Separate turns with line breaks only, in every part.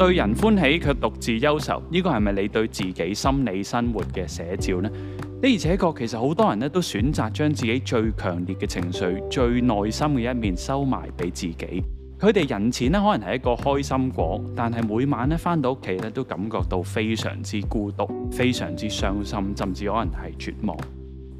對人歡喜卻獨自憂愁，呢個係咪你對自己心理生活嘅寫照呢？呢，的而且確其實好多人呢都選擇將自己最強烈嘅情緒、最內心嘅一面收埋俾自己。佢哋人前呢可能係一個開心果，但係每晚呢返到屋企呢都感覺到非常之孤獨、非常之傷心，甚至可能係絕望。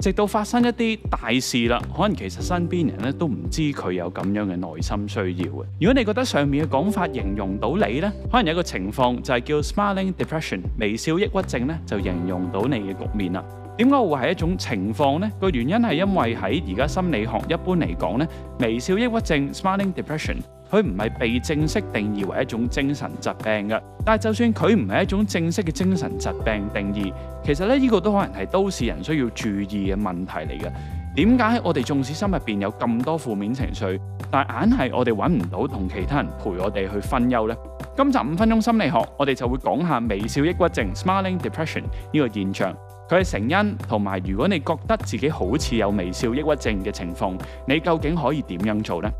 直到發生一啲大事啦，可能其實身邊人咧都唔知佢有咁樣嘅內心需要嘅。如果你覺得上面嘅講法形容到你呢，可能有一個情況就係叫 smiling depression 微笑抑鬱症呢就形容到你嘅局面啦。點解會係一種情況呢？個原因係因為喺而家心理學一般嚟講呢，微笑抑鬱症 （smiling depression） 佢唔係被正式定義為一種精神疾病嘅。但係就算佢唔係一種正式嘅精神疾病定義，其實咧呢個都可能係都市人需要注意嘅問題嚟嘅。點解我哋縱使心入邊有咁多負面情緒，但硬係我哋揾唔到同其他人陪我哋去分憂呢？今集五分鐘心理學，我哋就會講下微笑抑鬱症 （smiling depression） 呢個現象。佢係成因同埋，如果你覺得自己好似有微笑抑鬱症嘅情況，你究竟可以點樣做呢？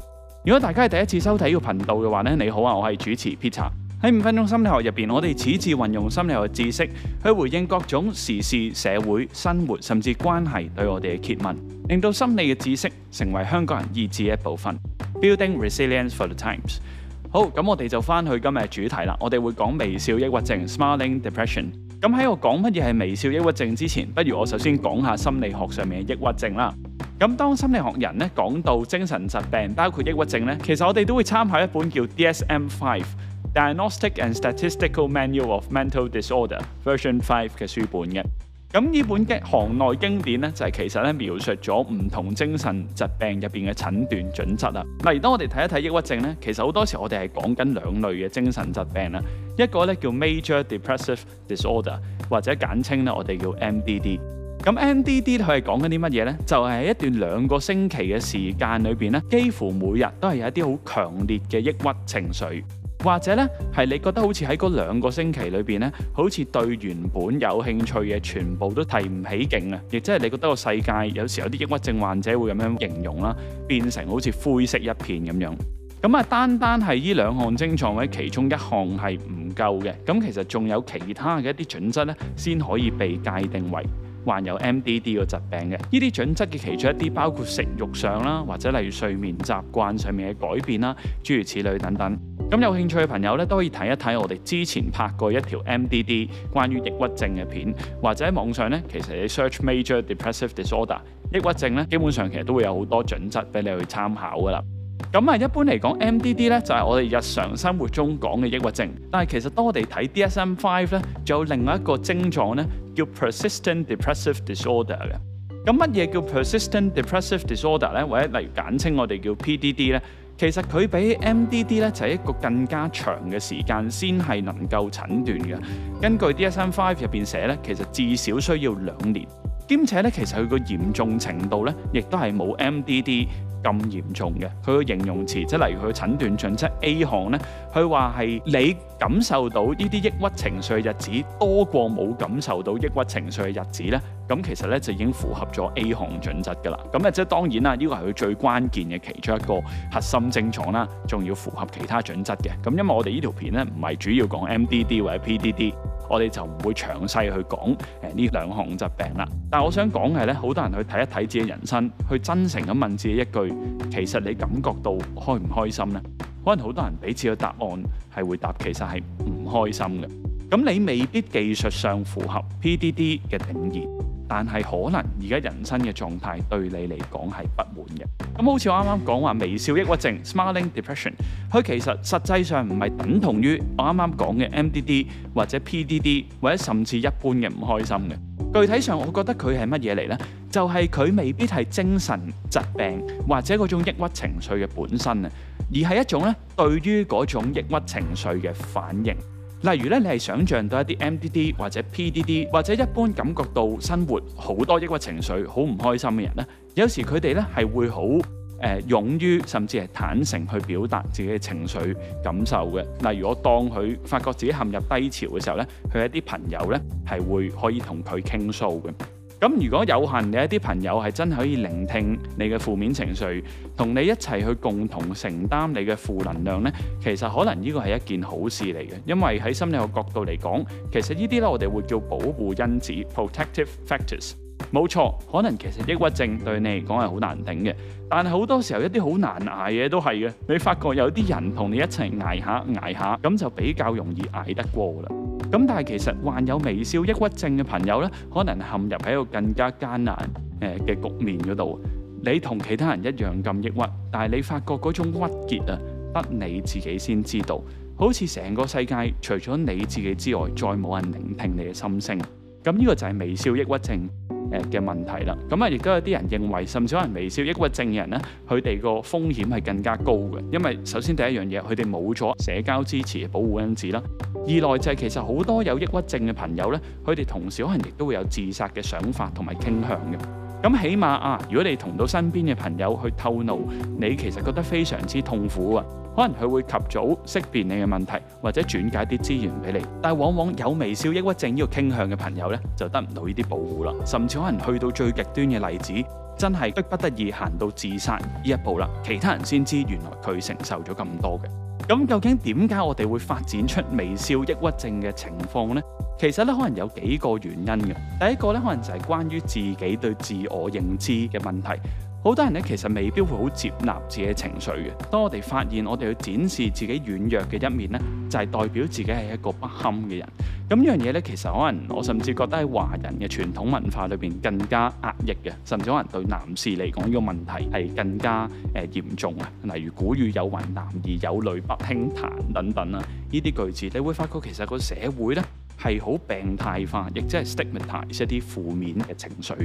如果大家係第一次收睇呢個頻道嘅話呢，你好啊，我係主持 Peter。喺五分鐘心理學入邊，我哋次次運用心理學知識去回應各種時事、社會生活甚至關係對我哋嘅揭問，令到心理嘅知識成為香港人意志一部分，Building resilience for the times。好，咁我哋就翻去今日主題啦。我哋會講微笑抑鬱症 （smiling depression）。咁喺我講乜嘢係微笑抑鬱症之前，不如我首先講下心理學上面嘅抑鬱症啦。咁當心理學人咧講到精神疾病，包括抑鬱症咧，其實我哋都會參考一本叫 DSM-5 Diagnostic and Statistical Manual of Mental Disorder Version Five 嘅書本嘅。咁呢本嘅行內經典咧，就係其實咧描述咗唔同精神疾病入邊嘅診斷準則啊。例如，當我哋睇一睇抑鬱症咧，其實好多時我哋係講緊兩類嘅精神疾病啦。一個咧叫 major depressive disorder，或者簡稱咧我哋叫 MDD。咁 MDD 佢係講緊啲乜嘢咧？就係一段兩個星期嘅時間裏邊咧，幾乎每日都係有一啲好強烈嘅抑鬱情緒。或者咧，係你覺得好似喺嗰兩個星期裏邊咧，好似對原本有興趣嘅全部都提唔起勁啊！亦即係你覺得個世界有時有啲抑鬱症患者會咁樣形容啦，變成好似灰色一片咁樣。咁、嗯、啊，單單係呢兩項症狀咧，其中一項係唔夠嘅。咁、嗯、其實仲有其他嘅一啲準則咧，先可以被界定為患有 MDD 個疾病嘅。呢啲準則嘅其中一啲包括食欲上啦，或者例如睡眠習慣上面嘅改變啦，諸如此類等等。咁有興趣嘅朋友咧，都可以睇一睇我哋之前拍過一條 MDD 關於抑鬱症嘅片，或者喺網上咧，其實你 search major depressive disorder 抑鬱症咧，基本上其實都會有好多準則俾你去參考噶啦。咁啊，一般嚟講，MDD 咧就係我哋日常生活中講嘅抑鬱症，但係其實當我哋睇 DSM 五咧，仲有另外一個症狀咧叫 persistent depressive disorder 嘅。咁乜嘢叫 persistent depressive disorder 咧？或者例如簡稱我哋叫 PDD 咧？其實佢比 MDD 咧就係一個更加長嘅時間先係能夠診斷嘅。根據 DSM-5 入邊寫咧，其實至少需要兩年。兼且咧，其實佢個嚴重程度咧，亦都係冇 MDD 咁嚴重嘅。佢個形容詞，即係例如佢診斷準則 A 項咧，佢話係你感受到呢啲抑鬱情緒嘅日子多過冇感受到抑鬱情緒嘅日子咧，咁其實咧就已經符合咗 A 項準則㗎啦。咁啊，即係當然啦，呢個係佢最關鍵嘅其中一個核心症狀啦，仲要符合其他準則嘅。咁因為我哋呢條片咧唔係主要講 MDD 或者 PDD。我哋就唔會詳細去講誒呢兩項疾病啦。但係我想講係咧，好多人去睇一睇自己人生，去真誠咁問自己一句：其實你感覺到開唔開心呢？可能好多人俾自己答案係會答其實係唔開心嘅。咁你未必技術上符合 PDD 嘅定義。但係可能而家人生嘅狀態對你嚟講係不滿嘅。咁好似我啱啱講話微笑抑鬱症 （smiling depression），佢其實實際上唔係等同於我啱啱講嘅 MDD 或者 PDD，或者甚至一般嘅唔開心嘅。具體上，我覺得佢係乜嘢嚟呢？就係佢未必係精神疾病或者嗰種抑鬱情緒嘅本身啊，而係一種咧對於嗰種抑鬱情緒嘅反應。例如咧，你係想像到一啲 MDD 或者 PDD 或者一般感覺到生活好多抑鬱情緒、好唔開心嘅人咧，有時佢哋咧係會好誒勇於甚至係坦誠去表達自己嘅情緒感受嘅。例如我當佢發覺自己陷入低潮嘅時候咧，佢一啲朋友咧係會可以同佢傾訴嘅。咁如果有限嘅一啲朋友係真係可以聆聽你嘅負面情緒，同你一齊去共同承擔你嘅負能量咧，其實可能呢個係一件好事嚟嘅，因為喺心理學角度嚟講，其實呢啲咧我哋會叫保護因子 （protective factors）。冇錯，可能其實抑鬱症對你嚟講，係好難頂嘅，但係好多時候一啲好難挨嘅都係嘅。你發覺有啲人同你一齊挨下挨下，咁就比較容易挨得過啦。咁但係其實患有微笑抑鬱症嘅朋友呢，可能陷入喺一個更加艱難嘅局面嗰度。你同其他人一樣咁抑鬱，但係你發覺嗰種鬱結啊，得你自己先知道。好似成個世界除咗你自己之外，再冇人聆聽你嘅心聲。咁呢個就係微笑抑鬱症。誒嘅問題啦，咁啊亦都有啲人認為，甚至可能微笑抑鬱症嘅人咧，佢哋個風險係更加高嘅，因為首先第一樣嘢，佢哋冇咗社交支持保護因子啦；二來就係其實好多有抑鬱症嘅朋友咧，佢哋同時可能亦都會有自殺嘅想法同埋傾向嘅。咁起碼啊，如果你同到身邊嘅朋友去透露，你其實覺得非常之痛苦啊，可能佢會及早識別你嘅問題，或者轉介啲資源俾你。但往往有微笑抑鬱症呢個傾向嘅朋友呢，就得唔到呢啲保護啦，甚至可能去到最極端嘅例子，真係逼不得已行到自殺呢一步啦。其他人先知原來佢承受咗咁多嘅。咁究竟點解我哋會發展出微笑抑鬱症嘅情況呢？其實咧，可能有幾個原因嘅。第一個咧，可能就係關於自己對自我認知嘅問題。好多人咧，其實未必會好接納自己嘅情緒嘅。當我哋發現我哋去展示自己軟弱嘅一面咧，就係代表自己係一個不堪嘅人。咁樣嘢咧，其實可能我甚至覺得喺華人嘅傳統文化裏邊更加壓抑嘅，甚至可能對男士嚟講呢個問題係更加誒嚴重啊。例如古語有云男兒有淚不輕彈等等啊，呢啲句子，你會發覺其實個社會咧。係好病態化，亦即係 stigmatize 一啲負面嘅情緒。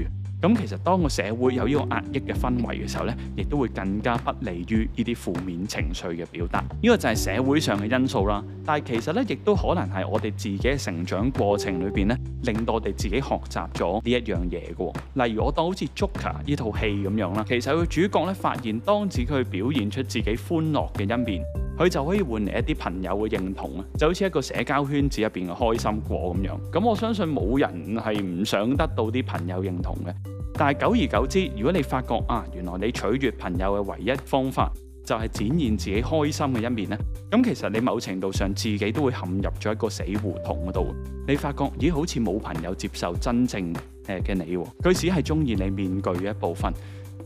咁其實當個社會有呢個壓抑嘅氛圍嘅時候呢，亦都會更加不利於呢啲負面情緒嘅表達。呢、呢個就係社會上嘅因素啦。但係其實呢，亦都可能係我哋自己嘅成長過程裏邊呢，令到我哋自己學習咗呢一樣嘢嘅。例如我當好似《Joker》呢套戲咁樣啦，其實佢主角呢，發現當時佢表現出自己歡樂嘅一面，佢就可以換嚟一啲朋友嘅認同啊，就好似一個社交圈子入邊嘅開心果咁樣。咁我相信冇人係唔想得到啲朋友認同嘅。但係久而久之，如果你發覺啊，原來你取悅朋友嘅唯一方法就係展現自己開心嘅一面咧，咁其實你某程度上自己都會陷入咗一個死胡同嗰度。你發覺咦，好似冇朋友接受真正誒嘅你，佢只係中意你面具嘅一部分。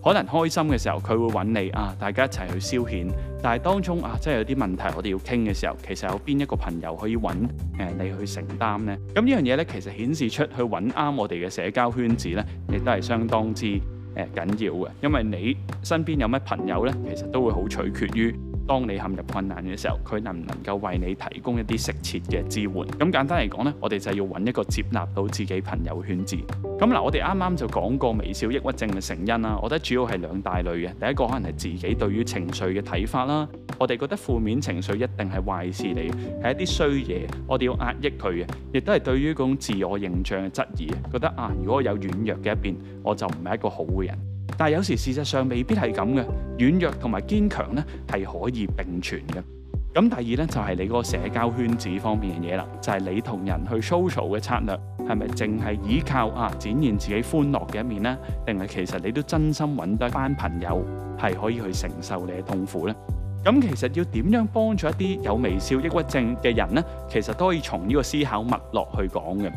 可能開心嘅時候，佢會揾你啊，大家一齊去消遣。但係當中啊，真係有啲問題，我哋要傾嘅時候，其實有邊一個朋友可以揾誒、呃、你去承擔呢？咁呢樣嘢呢，其實顯示出去揾啱我哋嘅社交圈子呢，亦都係相當之誒緊、呃、要嘅，因為你身邊有咩朋友呢，其實都會好取決於。當你陷入困難嘅時候，佢能唔能夠為你提供一啲適切嘅支援？咁簡單嚟講呢，我哋就要揾一個接納到自己朋友圈子。咁嗱，我哋啱啱就講過微笑抑鬱症嘅成因啦。我覺得主要係兩大類嘅，第一個可能係自己對於情緒嘅睇法啦。我哋覺得負面情緒一定係壞事嚟，係一啲衰嘢，我哋要壓抑佢嘅，亦都係對於嗰種自我形象嘅質疑，覺得啊，如果我有軟弱嘅一邊，我就唔係一個好嘅人。但有時事實上未必係咁嘅，軟弱同埋堅強呢，係可以並存嘅。咁第二呢，就係、是、你嗰個社交圈子方面嘅嘢啦，就係、是、你同人去 social 嘅策略係咪淨係依靠啊展現自己歡樂嘅一面呢？定係其實你都真心揾得一班朋友係可以去承受你嘅痛苦呢？咁其實要點樣幫助一啲有微笑抑鬱症嘅人呢？其實都可以從呢個思考脈絡去講嘅。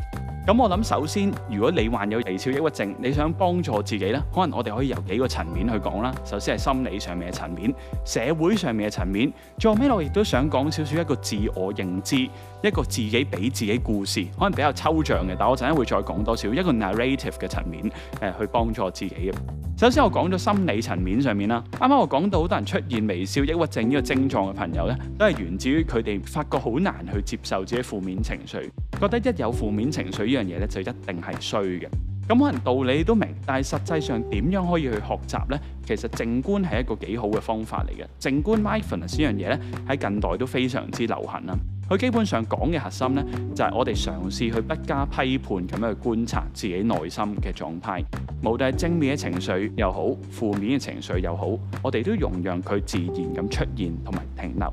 咁我諗，首先如果你患有微笑抑鬱症，你想幫助自己呢？可能我哋可以由幾個層面去講啦。首先係心理上面嘅層面，社會上面嘅層面，最後尾我亦都想講少少一個自我認知，一個自己俾自己故事，可能比較抽象嘅。但我陣間會再講多少一,一個 narrative 嘅層面，誒、呃、去幫助自己嘅。首先我講咗心理層面上面啦，啱啱我講到好多人出現微笑抑鬱症呢個症狀嘅朋友呢，都係源自於佢哋發覺好難去接受自己負面情緒。覺得一有負面情緒呢樣嘢咧，就一定係衰嘅。咁、嗯、可能道理都明，但係實際上點樣可以去學習呢？其實靜觀係一個幾好嘅方法嚟嘅。靜觀 mindfulness 依樣嘢咧，喺近代都非常之流行啦。佢基本上講嘅核心呢，就係、是、我哋嘗試去不加批判咁樣去觀察自己內心嘅狀態，無論係正面嘅情緒又好，負面嘅情緒又好，我哋都容讓佢自然咁出現同埋停留。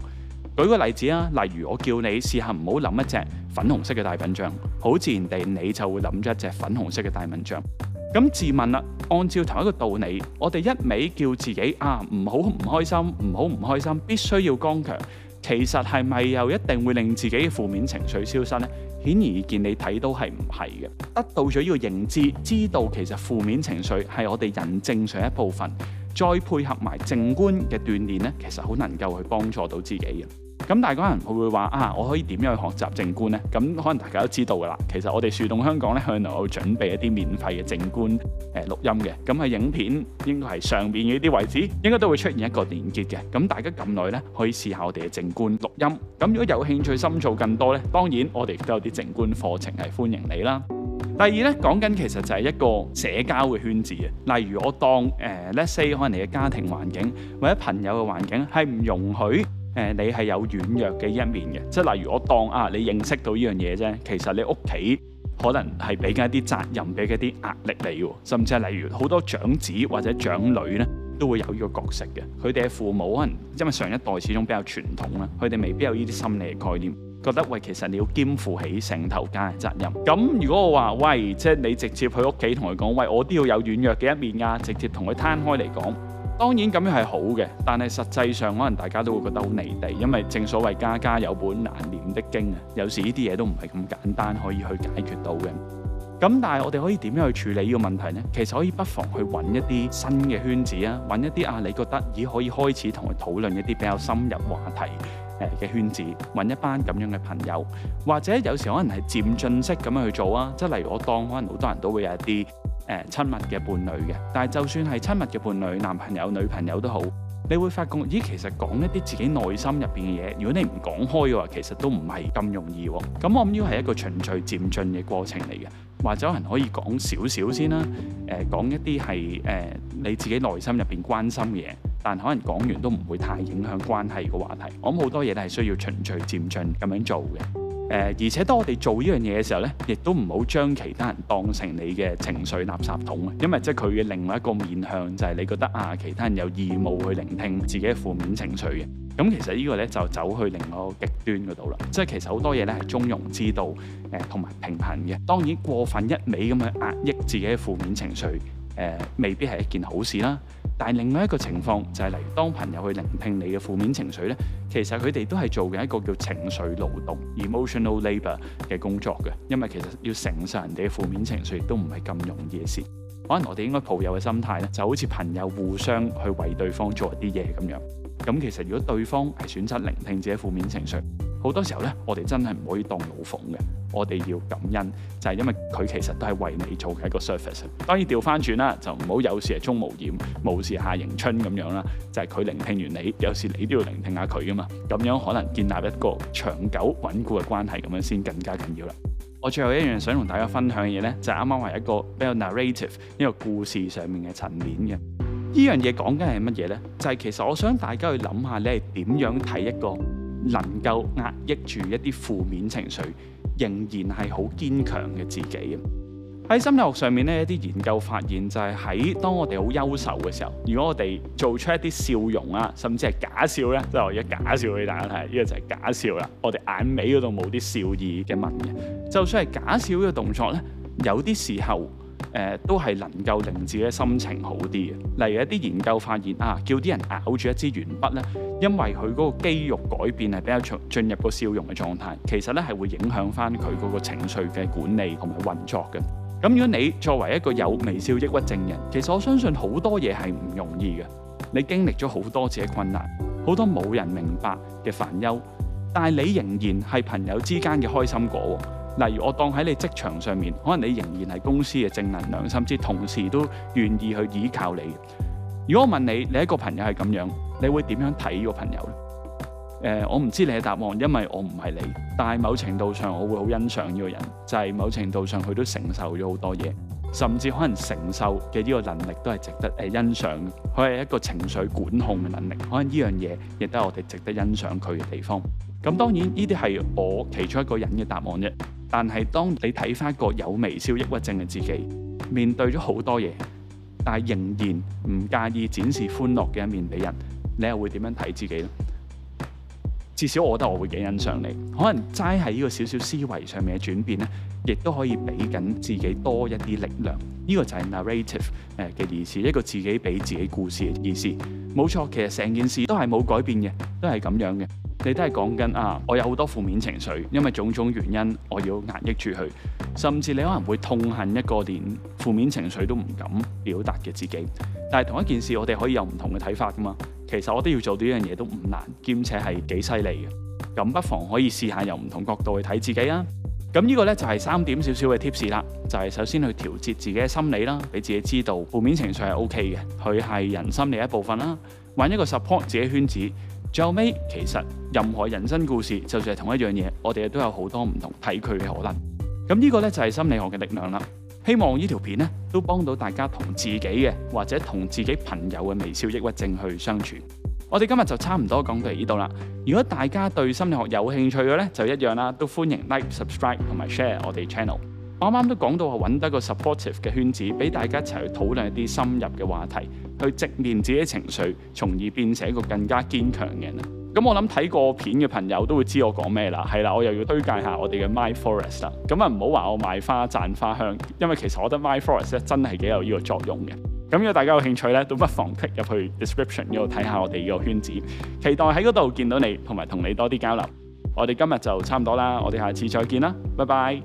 舉個例子啊，例如我叫你試下唔好諗一隻粉紅色嘅大笨象，好自然地你就會諗咗一隻粉紅色嘅大笨象。咁自問啦，按照同一個道理，我哋一味叫自己啊唔好唔開心，唔好唔開心，必須要剛強，其實係咪又一定會令自己嘅負面情緒消失呢？顯而易見，你睇到係唔係嘅。得到咗呢個認知，知道其實負面情緒係我哋人正常一部分，再配合埋靜觀嘅鍛鍊呢，其實好能夠去幫助到自己嘅。咁但係嗰個人佢會話啊，我可以點樣去學習靜觀呢？咁可能大家都知道噶啦，其實我哋樹洞香港呢，向來會準備一啲免費嘅靜觀誒錄、呃、音嘅。咁喺影片應該係上邊呢啲位置，應該都會出現一個連結嘅。咁大家咁耐呢，可以試下我哋嘅靜觀錄音。咁如果有興趣深造更多呢，當然我哋都有啲靜觀課程係歡迎你啦。第二呢，講緊其實就係一個社交嘅圈子啊。例如我當誒 let's、呃、say 可能你嘅家庭環境或者朋友嘅環境係唔容許。誒，你係有軟弱嘅一面嘅，即係例如我當啊，你認識到呢樣嘢啫，其實你屋企可能係俾緊一啲責任、俾緊啲壓力你喎，甚至係例如好多長子或者長女呢，都會有呢個角色嘅。佢哋嘅父母可能因為上一代始終比較傳統啦，佢哋未必有呢啲心理概念，覺得喂，其實你要肩負起成頭家嘅責任。咁如果我話喂，即係你直接去屋企同佢講，喂，我都要有軟弱嘅一面啊，直接同佢攤開嚟講。當然咁樣係好嘅，但係實際上可能大家都會覺得好離地，因為正所謂家家有本難念的經啊，有時呢啲嘢都唔係咁簡單可以去解決到嘅。咁但係我哋可以點樣去處理呢個問題呢？其實可以不妨去揾一啲新嘅圈子啊，揾一啲啊，你覺得已可以開始同佢討論一啲比較深入話題嘅圈子，揾一班咁樣嘅朋友，或者有時可能係漸進式咁樣去做啊，即係例如我當可能好多人都會有一啲。誒親密嘅伴侶嘅，但係就算係親密嘅伴侶，男朋友、女朋友都好，你會發覺，咦，其實講一啲自己內心入邊嘅嘢，如果你唔講開嘅話，其實都唔係咁容易喎。咁我諗要係一個循序漸進嘅過程嚟嘅，或者可能可以講少少先啦，誒、呃、講一啲係誒你自己內心入邊關心嘅嘢，但可能講完都唔會太影響關係嘅話題。我諗好多嘢都係需要循序漸進咁樣做嘅。而且當我哋做呢樣嘢嘅時候呢，亦都唔好將其他人當成你嘅情緒垃圾桶啊！因為即係佢嘅另外一個面向就係你覺得啊，其他人有義務去聆聽自己嘅負面情緒嘅。咁、啊、其實呢個呢，就走去另外一個極端嗰度啦。即係其實好多嘢呢係中庸之道同埋、啊、平衡嘅。當然過分一味咁去壓抑自己嘅負面情緒，誒、呃、未必係一件好事啦，但係另外一個情況就係、是、例如當朋友去聆聽你嘅負面情緒呢，其實佢哋都係做緊一個叫情緒勞動 （emotional labour） 嘅工作嘅，因為其實要承受人哋嘅負面情緒亦都唔係咁容易嘅事。可能我哋應該抱有嘅心態咧，就好似朋友互相去為對方做一啲嘢咁樣。咁其實如果對方係選擇聆聽自己負面情緒，好多時候咧，我哋真係唔可以當老奉嘅，我哋要感恩，就係因為佢其實都係為你做嘅一個 service 當然調翻轉啦，就唔好有事鍾無艷，無事夏迎春咁樣啦。就係佢聆聽完你，有時你都要聆聽下佢㗎嘛。咁樣可能建立一個長久穩固嘅關係，咁樣先更加緊要啦。我最後一樣想同大家分享嘅嘢咧，就係啱啱話一個比較 narrative，一個故事上面嘅層面嘅。呢樣嘢講緊係乜嘢咧？就係其實我想大家去諗下，你係點樣睇一個？能夠壓抑住一啲負面情緒，仍然係好堅強嘅自己。喺心理學上面咧，一啲研究發現就係喺當我哋好憂愁嘅時候，如果我哋做出一啲笑容啊，甚至係假笑咧，即係我一假笑俾大家睇，呢個就係假笑啦。我哋眼尾嗰度冇啲笑意嘅紋嘅，就算係假笑嘅動作咧，有啲時候。呃、都係能夠令自己心情好啲嘅。例如一啲研究發現啊，叫啲人咬住一支鉛筆咧，因為佢嗰個肌肉改變係比較進入個笑容嘅狀態，其實咧係會影響翻佢嗰個情緒嘅管理同埋運作嘅。咁、嗯、如果你作為一個有微笑抑鬱症人，其實我相信好多嘢係唔容易嘅。你經歷咗好多自己困難，好多冇人明白嘅煩憂，但係你仍然係朋友之間嘅開心果。例如我當喺你職場上面，可能你仍然係公司嘅正能量，甚至同事都願意去依靠你。如果我問你，你一個朋友係咁樣，你會點樣睇呢個朋友呢？呃，我唔知你嘅答案，因為我唔係你。但係某程度上，我會好欣賞呢個人，就係、是、某程度上佢都承受咗好多嘢。甚至可能承受嘅呢個能力都係值得誒欣賞，佢係一個情緒管控嘅能力，可能呢樣嘢亦都係我哋值得欣賞佢嘅地方。咁當然呢啲係我其中一個人嘅答案啫。但係當你睇翻個有微笑抑鬱症嘅自己，面對咗好多嘢，但係仍然唔介意展示歡樂嘅一面俾人，你又會點樣睇自己呢？至少我覺得我會幾欣賞你，可能齋喺呢個少少思維上面嘅轉變呢，亦都可以俾緊自己多一啲力量。呢個就係 narrative 嘅意思，一個自己俾自己故事嘅意思。冇錯，其實成件事都係冇改變嘅，都係咁樣嘅。你都係講緊啊，我有好多負面情緒，因為種種原因，我要壓抑住佢，甚至你可能會痛恨一個連負面情緒都唔敢表達嘅自己。但係同一件事，我哋可以有唔同嘅睇法㗎嘛？其實我都要做到呢樣嘢都唔難，兼且係幾犀利嘅。咁不妨可以試下由唔同角度去睇自己啊。咁呢個呢，就係、是、三點少少嘅 tips 啦，就係、是、首先去調節自己嘅心理啦，俾自己知道負面情緒係 OK 嘅，佢係人心理嘅一部分啦。搵一個 support 自己圈子。最後尾，其實任何人生故事，就算係同一樣嘢，我哋都有好多唔同睇佢嘅可能。咁呢個呢，就係、是、心理學嘅力量啦。希望呢條片咧都幫到大家同自己嘅或者同自己朋友嘅微笑抑鬱症去相處。我哋今日就差唔多講到呢度啦。如果大家對心理學有興趣嘅呢，就一樣啦，都歡迎 like、subscribe 同埋 share 我哋 channel。啱啱都講到話揾得個 supportive 嘅圈子，俾大家一齊去討論一啲深入嘅話題，去直面自己情緒，從而變成一個更加堅強嘅人。咁我諗，睇過片嘅朋友都會知我講咩啦，係啦，我又要推介下我哋嘅 MindForest 啦。咁啊唔好話我賣花讚花香，因為其實我覺得 MindForest 咧真係幾有呢個作用嘅。咁如果大家有興趣咧，都不妨 click 入去 description 呢度睇下我哋嘅圈子，期待喺嗰度見到你，同埋同你多啲交流。我哋今日就差唔多啦，我哋下次再見啦，拜拜。